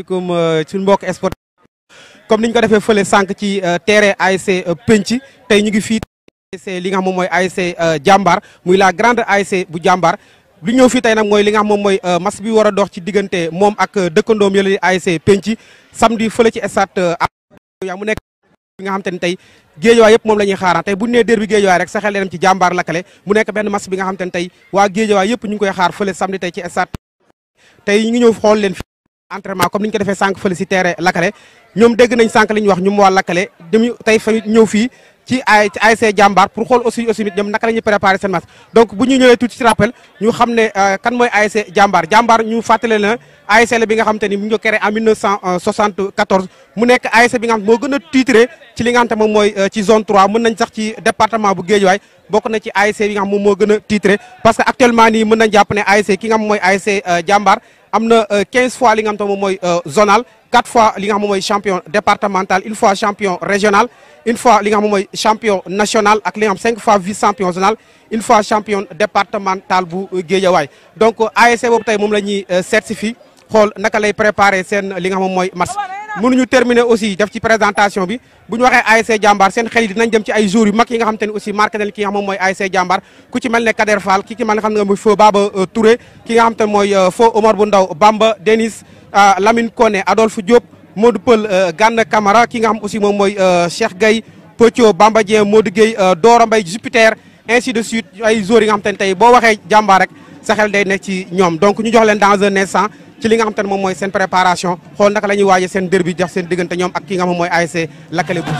asalaamaaleykum euh, suñu mbokk sport comme niñ ko defee fële sànq ci euh, terrain ASC euh, Penc tey ñu ngi fii ASC li nga xam mooy ASC Jàmbaar muy la grande ASC bu Jàmbaar lu ñëw fii tey nag mooy li nga xam moom mooy match bi war a dox ci diggante moom ak dëkkandoom yële di ASC Penc samedi fële ci stade yaa mu nekk bi nga xam te tey géejawaay yëpp moom la xaara xaaraan tey bu nee derby géejawaay rek sa xel dem ci jàmbaar lakkale mu nekk benn match bi nga xam te ni tey waa géejawaay yëpp ñu ngi koy xaar fële samedi tey ci stade tey ñu ngi ñëw leen entraînement comme ni ñu ko defee sànq fële si terrain Lakale ñoom dégg nañ sànq li wax ñu waa Lakale tey fa ñëw ci ay ci pour xool aussi aussi ñoom naka la ñuy préparé seen match donc bu ñu ñëwee tuuti ci rappel ñu xam ne euh, kan mooy ASC jàmbaar fàttale na ASC la nga xam te ni mu ngi ko créé en 1974 mu nekk ASC bi nga xam moo gën a titré mooy euh, ci zone nañ sax ci département bu Guédiawaye bokk na ci ASC bi nga xam moom moo gën a parce que actuellement nii mën nañ jàpp ne ASC ki nga xam mooy ASC euh, jàmbaar am na euh, quinze fois li nga moom mooy euh, zonal 4 fois li nga xam moom mooy champion départemental une fois champion régional une fois li nga xam moom mooy champion national ak li nga xam 5 fois vice champion zonal une fois champion départemental bu euh, Guédiawaye donc ASC e boobu tey moom la ñuy certifié xool naka lay préparé sen li nga xam mooy match mënuñu terminer aussi def ci présentation bi bu ñu waxee ASC Jàmbaar seen xel yi dinañ dem ci ay jours yu mag yi nga xam te ne aussi marqué nañ ki nga xam moom mooy ASC Jàmbaar ku ci mel ne Kader Fall ki ci mel ne xam ne mooy feu Baba euh, Touré ki nga xam te ne mooy euh, feu Omar bu ndaw Bamba Denis euh, Lamine Koné Adolphe Diop Modou Peul Gana Camara ki nga xam aussi moom mooy Cheikh Gueye Pocho Bamba Dieng Modou Gueye Dora bay Jupiter ainsi de suite ay jours yi nga xam te ne tey bo waxee Jàmbaar rek sa xel day nekk ci ñoom donc ñu jox leen dans un instant ci li nga xam te moom mooy seen préparation xool naka la ñuy waaje seen derby jox seen diggante ñoom ak ki nga xam mooy ASC Lacale bu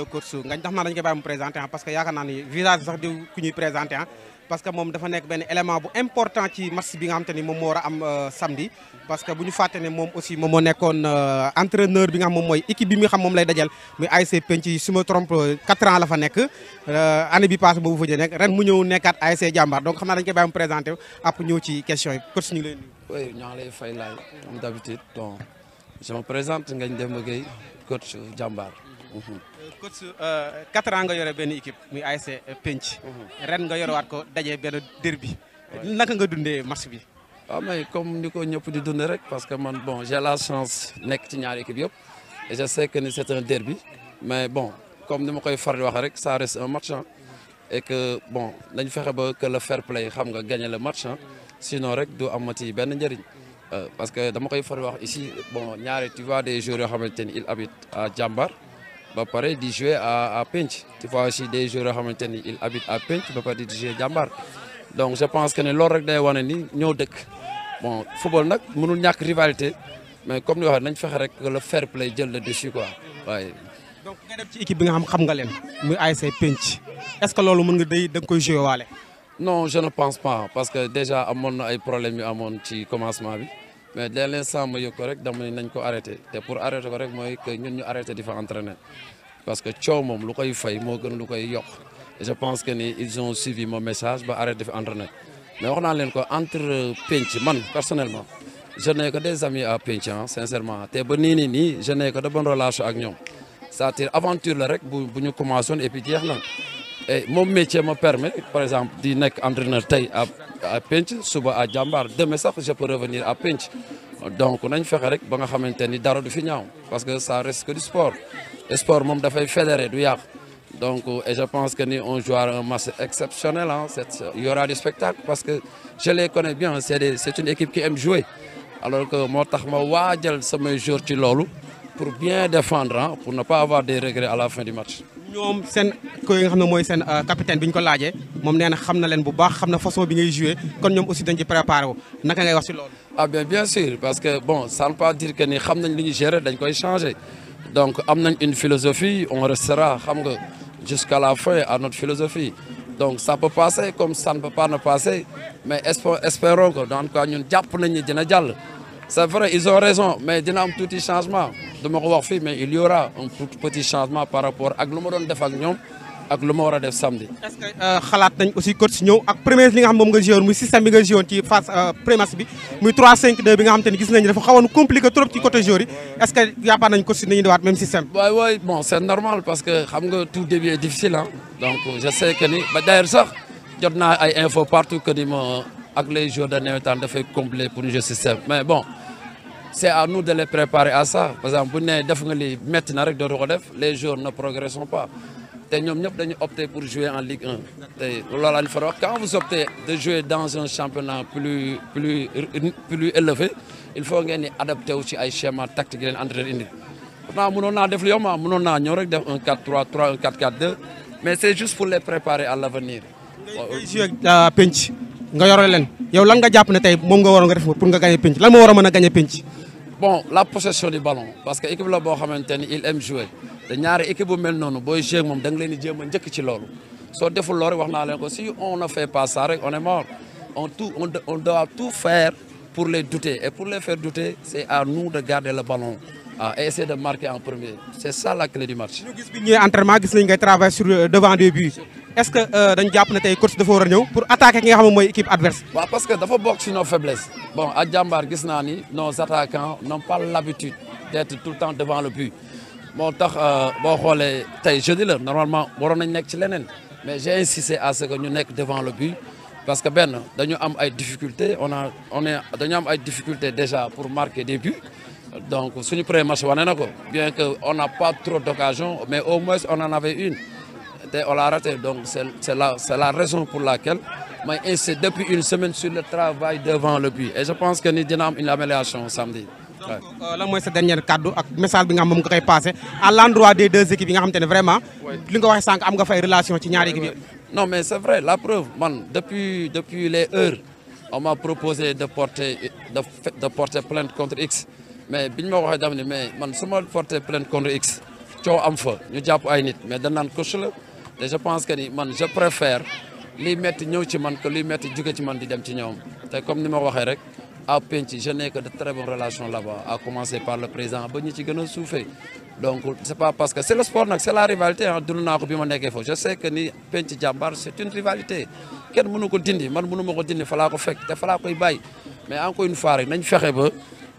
le coach Ngagne tax naa mu présenté ah parce que yaakaar naa ni visage sax di ku ñuy présenté ah parce que moom dafa nekk benn élément bu important ci match bi nga xam moo war a am euh, samedi parce que ne moom aussi moom moo nekkoon euh, entraîneur bi mooy équipe bi nga xam moom lay dajal muy euh, bi passé boobu fa jë nekk mu ñëw nekkaat ASC Jàmbaar donc xam naa dañu koy bàyyi mu présenté app ñëw ci question yi coach ñu lay nuyu ñoo lay fay laay comme d'habitude bon je me présente Ngagne Demba Gueye Euh, coach euh, quatre ans nga yore benn équipe muy ASC Penc. Mhm. ren nga yorewaat ko daje benn derby bi naka nga dundee match bi. waaw ah, mais comme ni ko ñëpp di dundee rek parce que man bon j'ai la chance nekk ci ñaari équipe yëpp et je sais que ni c'est un derby mais bon comme ni ma koy far di wax rek ça reste un match ah. et que bon dañ fexe ba këll le fair play xam nga gagner le match ah sinon rek du am amati benn njëriñ. Euh, parce que dama koy far wax ici bon ñaari tu vois des joueurs yoo xamante ni ils habitent à ba pare di jouer à à Penc tu vois aussi des joueurs yoo xamante ni il habite à Penc ba pare di jouer jàmbaar donc je pense que ne loolu rek day wane ni ñoo dëkk bon football nag mënul ñàkk rivalité mais comme ni waxee nañ fexe rek le fair play jël le dessus quoi waaye. donc nga dem ci équipe bi nga xam xam nga leen muy ASC Penc est-ce que loolu mën nga day da nga koy jouer waale. non je ne pense pas parce que déjà amoon na ay problème yu amoon ci commencement bi. mais dès l'instant ma yëg ko rek dama ne nañ ko arrêté te pour arrêté ko rek mooy que ñun ñu arrêté di fa entraîner parce que coow moom lu koy fay moo gën lu koy yokk je pense que ni ils ont suivi mon message ba arrêté di fa entraîner mais wax naa leen ko entre penc man personnellement je n'ai que des amis à penc ah sincèrement te ba ni nii ni je n'ai que de bonnes relations ak ñoom cest à aventure la rek bu bu ñu commencé woon et jeex na. Eh, moom métier ma permet par exemple di nekk entraîneur tey à à suba a Jàmbaar demain sax je peux revenir à Penc donc nañ fexe rek ba nga xamante ni dara du fi ñaaw parce que ça reste que moom dafay fédéré du yàq donc e je pense que ni on jouera un match exceptionnel ah il y aura du spectacle parce que je les connais bien c'est des c'est une équipe qui aime jouer alors que moo tax ma waajal samay joueurs ci loolu pour bien défendre ah pour ne pas avoir des regrets à la fin du match ñoom seen ko nga xam ne mooy seen euh, capitaine bi ñu ko laaje moom nee na xam na leen bu baax xam na façon bi ngay joué kon ñoom aussi dañ ci préparé wu naka ngay wax si loolu. ah bien bien sûr parce que bon ça ne veut pas dire que ni xam nañ li ñu gérer dañ koy changé donc am nañ une philosophie on restera xam nga jusqu'à la fin à notre philosophie. donc ça peut passer comme ça ne passer mais espérons que en tout ñun jàpp nañ ni dina jàll. c'est vrai ils ont raison mais dina am tuuti changement dama ko wax fii mais il y un petit changement par rapport ak lu ma doon def ak ñoom ak lu ma war a def samedi. est-ce que euh, xalaat nañ aussi coach ñëw ak premier li nga xam moom nga joué woon muy système bi nga joué woon ci phase prémace euh, bi muy 3-5-2 bi nga xam te ne gis nañ dafa xawoon compliqué trop ci côté joueur yi est-ce que yaakaar nañ normal parce que xam nga tout début est difficile donc je sais que ni sax jot c'est à nous de les préparer à ça par exemple ne def nga lii métti na rek dootu ko def les joueurs ne progressent pas te ñoom ñëpp dañu opter pour jouer en Ligue 1 te loolu la ñu fa wax quand vous optez de jouer dans un championnat plus élevé il faut ngeen di adapté wu ci ay schéma tactique leen entraîneur indi pourtant mënoon naa def lu yomb mënoon naa ñëw rek def un 4-3-3 un 4-4-2 mais c'est juste pour les préparer à l'avenir euh, penc nga yore leen yow lan nga a mën a gagner penc bon la possession du ballon parce que équipe la boo xamante ni il aime jouer te ñaari équipe bu mel noonu booy jouer moom da nga leen di jéem a njëkk ci loolu soo deful loolu wax naa leen ko si on ne fait pas ça rek on est mort on on doit tout faire pour les douter et pour les faire douter c'est à nous de garder le ballon ah et essayer de marquer en premier c'est ça la clé du match. ñu gis gis nañ ngay travailler sur euh, devant des est-ce que euh, dañu jàpp na tey coach dafa war a ñëw pour attaquer ki nga xam ne mooy équipe adverse. waaw parce que dafa bokk ci nos faiblesses. bon ak jàmbaar gis naa ni nos attaquants n'ont pas l'habitude d'être tout le temps devant le but moo tax euh, boo xoolee tey jeudi la normalement waroon nañ nekk ci leneen mais j'ai insisté à ce que ñu nekk devant le but. parce que benn dañu am ay difficultés on a on est dañu am ay difficultés déjà pour marquer des buts. donc suñu premier match wane na ko bien que on n'a pas trop d'occasion mais au moins on en avait une te on l'a raté donc c'est c'est la c'est la raison pour laquelle may insiste depuis une semaine sur le travail devant le but et je pense que ni dina am une amélioration samedi. donc euh, lan mooy sa dernier kaddu ak message bi nga xam moom nga koy passé à l'endroit des deux équipes yi nga xam te ne vraiment. li nga waxee sànq am nga fay relation ci ñaari équipes yi. mais c'est vrai la preuve les heures on m'a proposé de porter de de porter mais biñ ma waxee daf ni mais man su ma porté plainte contre X coow am fa ñu jàpp ay nit mais danaan coach la te je pense que ni man je préfère liy metti ñëw ci man que liy metti jóge ci man di dem ci ñoom te comme ni ma waxee rek à Penc je n'ai que de très bonnes relations là-bas commencer par le président ba ñu ci gën a suufee donc c'est pas parce que c'est le sport nag ah, bi ma nekkee foofu je ni Penc jàmbaar c'est une rivalité kenn mënu ko dindi man mënu ma ko dindi fa laa ko fekk te fa ko koy bàyyi mais encore une fois rek fexe ba.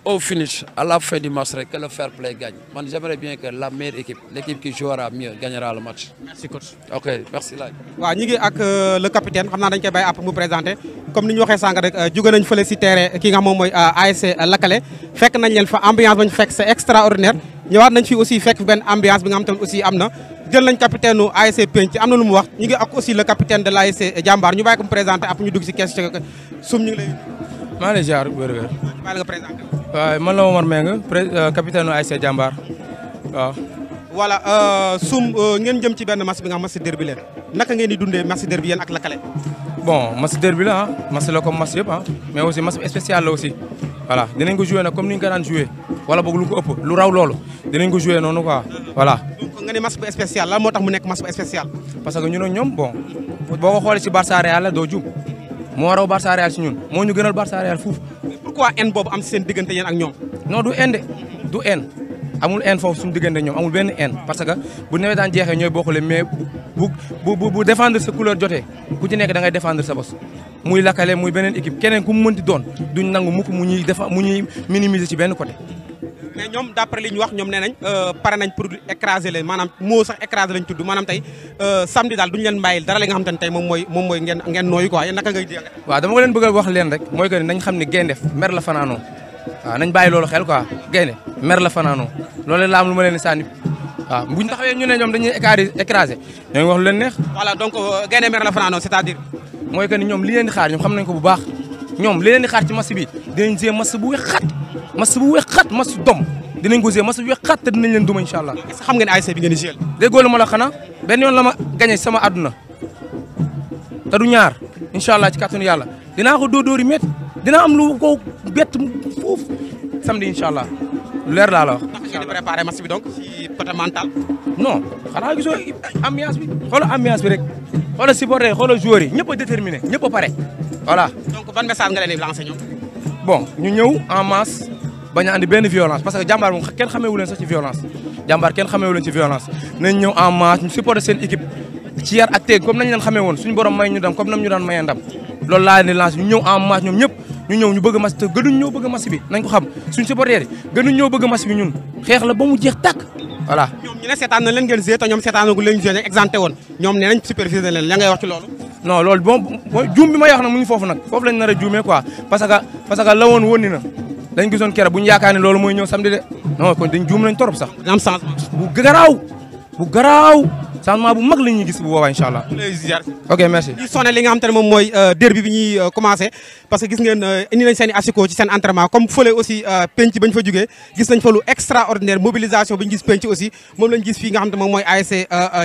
au finish, à la fin du match, que le fair play gagne. J'aimerais bien que la meilleure équipe, l'équipe qui jouera mieux, gagnera le match. Merci, coach. Ok, merci. Là. Ouais, nous sommes avec le capitaine, nous allons vous présenter. Comme nous l'avons dit, nous avons fait le terrain qui est ASC Lakale. Fait que nous avons fait ambiance, c'est extraordinaire. Nous avons fait aussi fait une ambiance, nous avons aussi amna. jël nañ capitaine nu ASC Penc am na lu mu wax ñu ngi ak aussi le capitaine de l'ASC Jambaar ñu bàyyi ko maa ngi lay ziar wér wér. maa nga présenté waaw man la Omar Mbengue euh, capitaine sum euh, euh, ngeen jëm ci benn match bi nga xam match leen naka ngeen di dundee match derby yéen ak Lakale. bon match derby la ah match la comme match yëpp ah mais aussi match spécial la aussi voilà dinañ ko joué nag comme ni ñu ko daan joué wala boog lu ko ëpp lu raw loolu dinañ ko joué noonu quoi voilà. donc nga ne match bu spécial la moo tax mu nekk match bu spécial. parce que ñun ak ñoom bon boo ko xoolee ci Barça Real la doo jub. moo raw Barça Real si ñun moo ñu gënal Barça Real fuuf. pourquoi haine boobu am si seen diggante yéen ak ñoom. non du haine de amul haine foofu suñu diggante ñoom amul benn haine parce que bu nawet daan jeexee ñooy bokkule mais bu bu bu bu défendre sa couleur jotee ku ci nekk da ngay défendre sa muy lakkale muy beneen équipe keneen ku mu mënti doon duñ nangu mukk mu ñuy defa mu ñuy minimiser ci benn côté. mais ñoom d'après li euh, pare nañ pour écraser leen maanaam moo écraser lañ tudd maanaam tey euh, samedi daal duñu leen bàyyil dara li nga xam tey moom mooy ngeen nooyu quoi yéen naka ngay dégg waaw dama leen bëgg wax leen rek mooy que nañ xam ne gaynde mer la fanaanoo nañ bàyyi loolu xel quoi gaynde mer la fanaanoo loolu la am lu ma leen sànni waaw taxawee ñu ne ñoom dañuy écraser ñoo wax lu leen neex voilà donc euh, gaynde mer la fanaanoo c'est-à-dire mooy ñoom li di xaar ci match bi dinañ jee match bu weex xat match bu weex xat match dom dinañ ko jee match bu weex xat te dinañ leen duma incha allah. xam nga ne ASC bi ngeen di jël. déggoo la ma la xanaa benn yoon la ma sama àdduna te du ñaar incha allah ci kàttanu yàlla dinaa ko dóor dóor yi métti dinaa am lu ko bett foofu samedi incha allah. lu leer laa la wax. ndax ngeen di bi donc ci côté mental. non bi rek xoolal supporter yi xoolal ñëpp a déterminé ñëpp a pare voilà. donc ban message nga leen bon ñu ñëw en masse bañ a benn violence parce que jàmbaar kenn xamee wu leen ci violence jàmbaar kenn xamee wu ci violence nañ ñëw en masse supporter seen équipe ci yar ak teeg comme nañ leen xamee woon suñu borom may ñu dam comme nam ñu daan mayee ndam loolu ni lance ñu ñëw en masse ñoom ñëpp. ñu ñëw ñu bëgg match te gënuñ ñoo bëgg match nañ ko xam suñ supporter yi gënuñ ñoo bëgg match ñun xeex la ba mu jeex tàkk voilà ñu ne seetaan leen ngeen gisee ñoom seetaanagu leen gisee exempté woon ñoom nee nañ supervisé na leen ci loolu non loolu juum bi may wax nag mu ngi foofu nag foofu lañ nar a juumee quoi la woon woon ni na dañ gisoon kere bu ñu yaakaar loolu mooy ñëw samedi de non kon dañ juum nañ torop sax bu garaaw bu garaaw changement bu mag la gis bu boobaa incha allah. ok merci. moom mooy euh, derby bi ñuy euh, commencé parce que gis ngeen euh, indi nañ seen i ci seen entraînement comme fële aussi penc bañ fa jugee gis nañ fa lu extraordinaire mobilisation bi ñu gis penc aussi moom lañ gis fii nga moom mooy ASC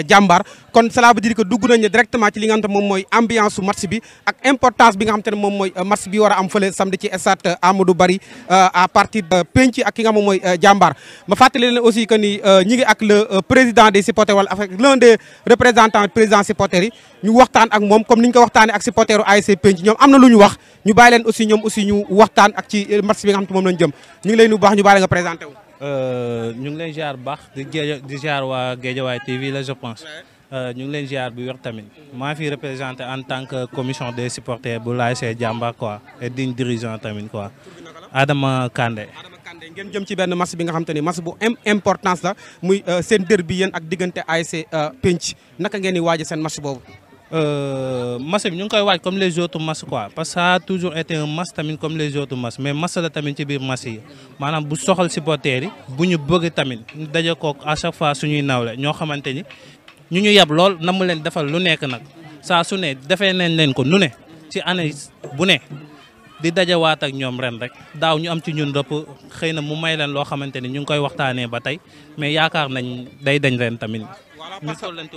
jàmbaar kon cela veut dugg nañ directement ci li nga moom mooy ambiance su bi ak importance bi nga moom mooy match bi war am fële samedi ci stade Amadou Barry à partir des représentants président supporters yi ñu waxtaan ak moom comme ni ñu ko waxtaanee ak supporteru ASC Penc ñoom am na lu ñu wax ñu bàyyi leen aussi ñoom aussi ñu waxtaan ak ci match bi nga xam te moom lañu jëm ñu ngi lay nu baax ñu bàyyi la nga présenté euh, ñu ngi leen ziar baax di di ziar waa Guédiawaye TV la je pense euh, ñu ngi leen ziar bu wér tamit maa fi représenté en tant que commission de supporters bu l'ASC Diambars quoi et digne dirigeant tamit quoi Adama Kandé Kandé ngeen jëm ci benn match bi nga xam te ni match bu importance la muy euh, seen derby yéen ak diggante ASC euh, Penc naka ngeen di waaj seen match boobu. Euh, match bi ñu ngi koy waaj comme les autres matchs quoi parce que ça a toujours été un match tamit comme les autres matchs mais match la tamit ci biir match yi maanaam bu si supporters yi bu ñu bëgg tamit ñu daje kook à chaque fois suñuy nawle ñoo xamante ni ñu ñu yab lool na mu leen defal lu nekk nag saa su ne defee nañ leen ko nu ne ci année di dajawaat ak ñoom ren rek daaw ñu am ci ñun rëpp xëy na mu may leen loo xamante ni ñu ngi koy waxtaanee ba tey mais yaakaar nañ day dañ ren tamit ñu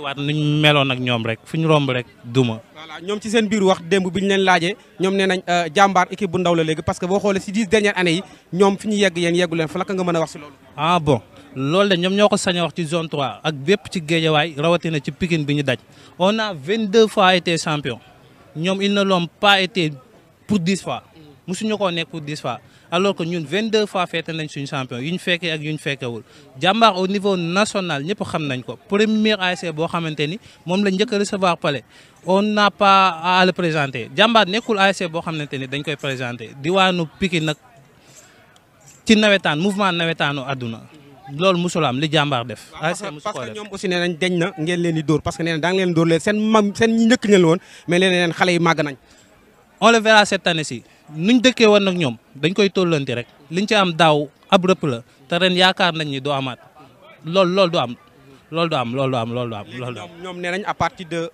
waat nu ñu meloon ak ñoom rek fu ñu romb rek duma voilà ñoom ci seen biir wax démb bi ñu leen laajee ñoom nee nañ euh, jàmbaar équipe bu ndaw la léegi parce que boo xoolee si dix dernières années yi ñoom fi ñu yegg yéen yeggu leen fa la nga mën a wax si loolu ah bon loolu ñoom ñoo ko sañ a wax ci zone 3 ak bépp ci géejawaay rawatina ci Pikine bi ñu a vingt deux fois été champion ñoom ils ne l'ont pas été pour dix musuñu koo nekk pour dix fois alors que ñun vingt deux fois feete nañ suñu champion yu ñu fekkee ak yu ñu fekkewul jàmbaar au niveau national ñëpp xam nañ ko premier ASC boo xamante ni moom la njëkk a recevoir palais on n'a pas à le présenter jàmbaar nekkul ASC boo xamante ni dañ koy présenter diwaanu Pikine nag ci nawetaan mouvement nawetaanu àdduna loolu musul am li jàmbaar def. ASC musu ko def parce que ñoom na ngeen leen di dóor parce que nee na daa ngi leen dóor leen seen mam seen xale yi màgg nañ. on le verra cette année ci. nuñ dëkkee woon nag ñoom dañ koy tollanti rek liñ ci am daaw ab rëpp la te ren yaakaar nañ ni du amaat loolu lool du am loolu du am loolu du am loolu du am loolu du ñoom nee nañ à partir de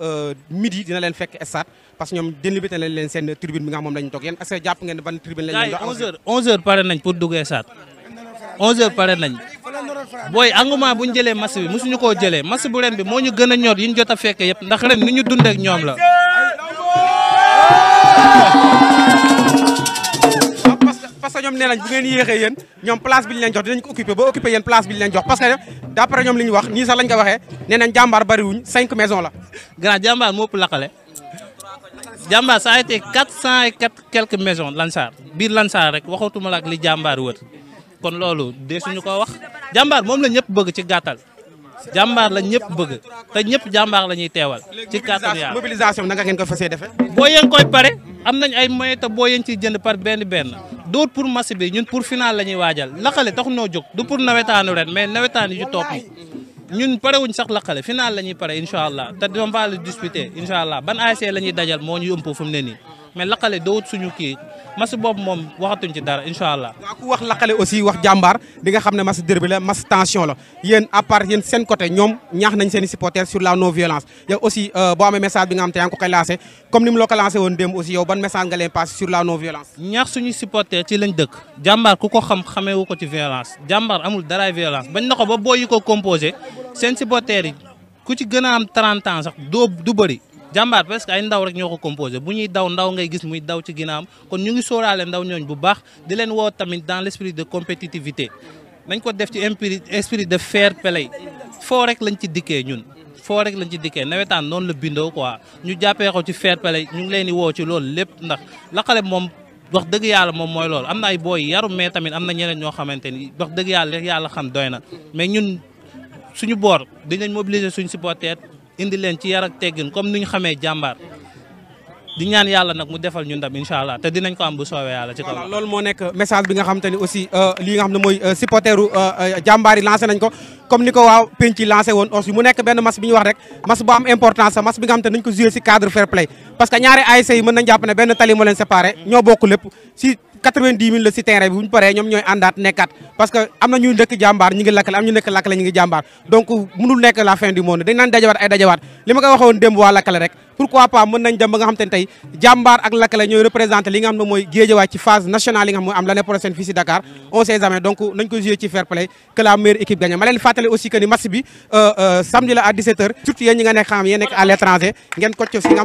midi dina leen fekk stade parce que ñoom délimité leen seen tribune bi nga xam moom lañ toog yéen est-ce que jàpp ngeen ban tribune lañ leen onze heures pare nañ pour dugg stade onze heures pare nañ booy engouement bu ñu jëlee match bi mosuñu koo jëlee match bu ren bi moo ñu gën a ñor yi ñu jot a fekke yëpp ndax ren ni ñu dund ak ñoom la ñoom nee nañ bu ngeen yéexee yéen ñoom place bi ñu jox dinañ ko occupé ba occupé yéen place bi ñu jox parce que ñoom li wax nii sax lañ ko waxee nee nañ cinq maisons la grand jàmbaar moo ëpp laqale jàmbaar ça a été quatre cent et quatre quelques maisons Lansar biir Lansar rek waxatuma la ak li jàmbaar wër kon loolu dee ko wax jàmbaar moom la ñëpp bëgg ci gàttal jàmbaar la ñëpp bëgg te ñëpp jàmbaar la ñuy teewal. ci kàttan yaa mobilisation nanga ngeen ko fas defee. boo yéen koy pare am nañ ay may te boo yéen ciy jënd par benn benn. dóor pour match ñun pour final la ñuy waajal laqale tax noo jóg du pour nawetaanu ren mais nawetaan yu topp ñun pare wuñ sax laqale final la ñuy pare incha allah te dama faa la disputé incha allah ban ASC la ñuy dajal moo ñu ëmp fu mu ne ni mais laqale dowut suñu kii mas boobu moom waxatuñ ci dara incha allah. waaw ku wax laqale aussi wax jàmbaar di nga xam ne mas derby la mas tension la yéen à part yéen seen côté ñoom ñaax nañ seen i supporters sur la non violence. yow aussi euh, boo amee message bi nga xam te yaa ngi ko koy lancé comme ni mu la ko lancé woon démb aussi yow ban message nga leen passé sur la non violence. ñaax suñuy supporters ci lañ dëkk. jàmbaar ku ko xam xamee wu ko ci violence jàmbaar amul daraay violence bañ na ko ba booy yi ko composé seen ku ci gën a am 30 doo du bëri. jàmbaar parce que ay ndaw rek ñoo ko composé bu ñuy daw ndaw ngay gis muy daw ci ginnaawam kon ñu ngi sóoraale ndaw ñooñ bu baax di leen woo tamit dans l' esprit de compétitivité nañ ko def ci esprit de fair play foo rek lañ ci dikkee ñun foo rek lañ ci dikkee nawetaan noonu la bindoo quoi ñu jàppee ko ci fair play ñu ngi leen di woo ci loolu lépp ndax la xale moom wax dëgg yàlla moom mooy loolu am na ay booy yaru mais tamit am na ñeneen ñoo xamante ni wax dëgg yàlla rek yàlla xam doy na mais ñun suñu boor dinañ indi leen ci yar ak teggin comme ni ñu xamee jàmbaar di ñaan yàlla nag mu defal ñu ndam incha allah te dinañ ko am bu soowee yàlla ci kaw loolu moo nekk message bi nga euh, xam euh, te euh, ni aussi mu nekk benn mas bi ñu wax rek mas bu am importance sa mas bi nga xam te nañ ko joué si cadre fair play parce que ñaari ASC yi mën nañ jàpp benn tali leen séparé ñoo bokk lépp si 90 000 la si terrain bu ñu paree ñoom ñooy àndaat nekkaat parce que am na ñu dëkk jàmbaar ñi ngi lakkale am ñu nekk lakkale ñi ngi jàmbaar donc mënul nekk la fin du monde dañ naan dajawaat ay dajawaat li ma ko waxoon démb waa pourquoi pas mën nañ dem nga xam te tey jàmbaar ak lakkale ñooy représenté li nga xam ne mooy géejawaay ci phase nationale yi nga xam mooy am l'année prochaine fii Dakar on sait jamais donc nañ ko joué ci fair play que la équipe gagne ma leen aussi que ni match bi euh, euh, samedi surtout yéen ñi nga nekk xam yéen nekk à l'étranger ngeen ko si nga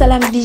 Salam Vision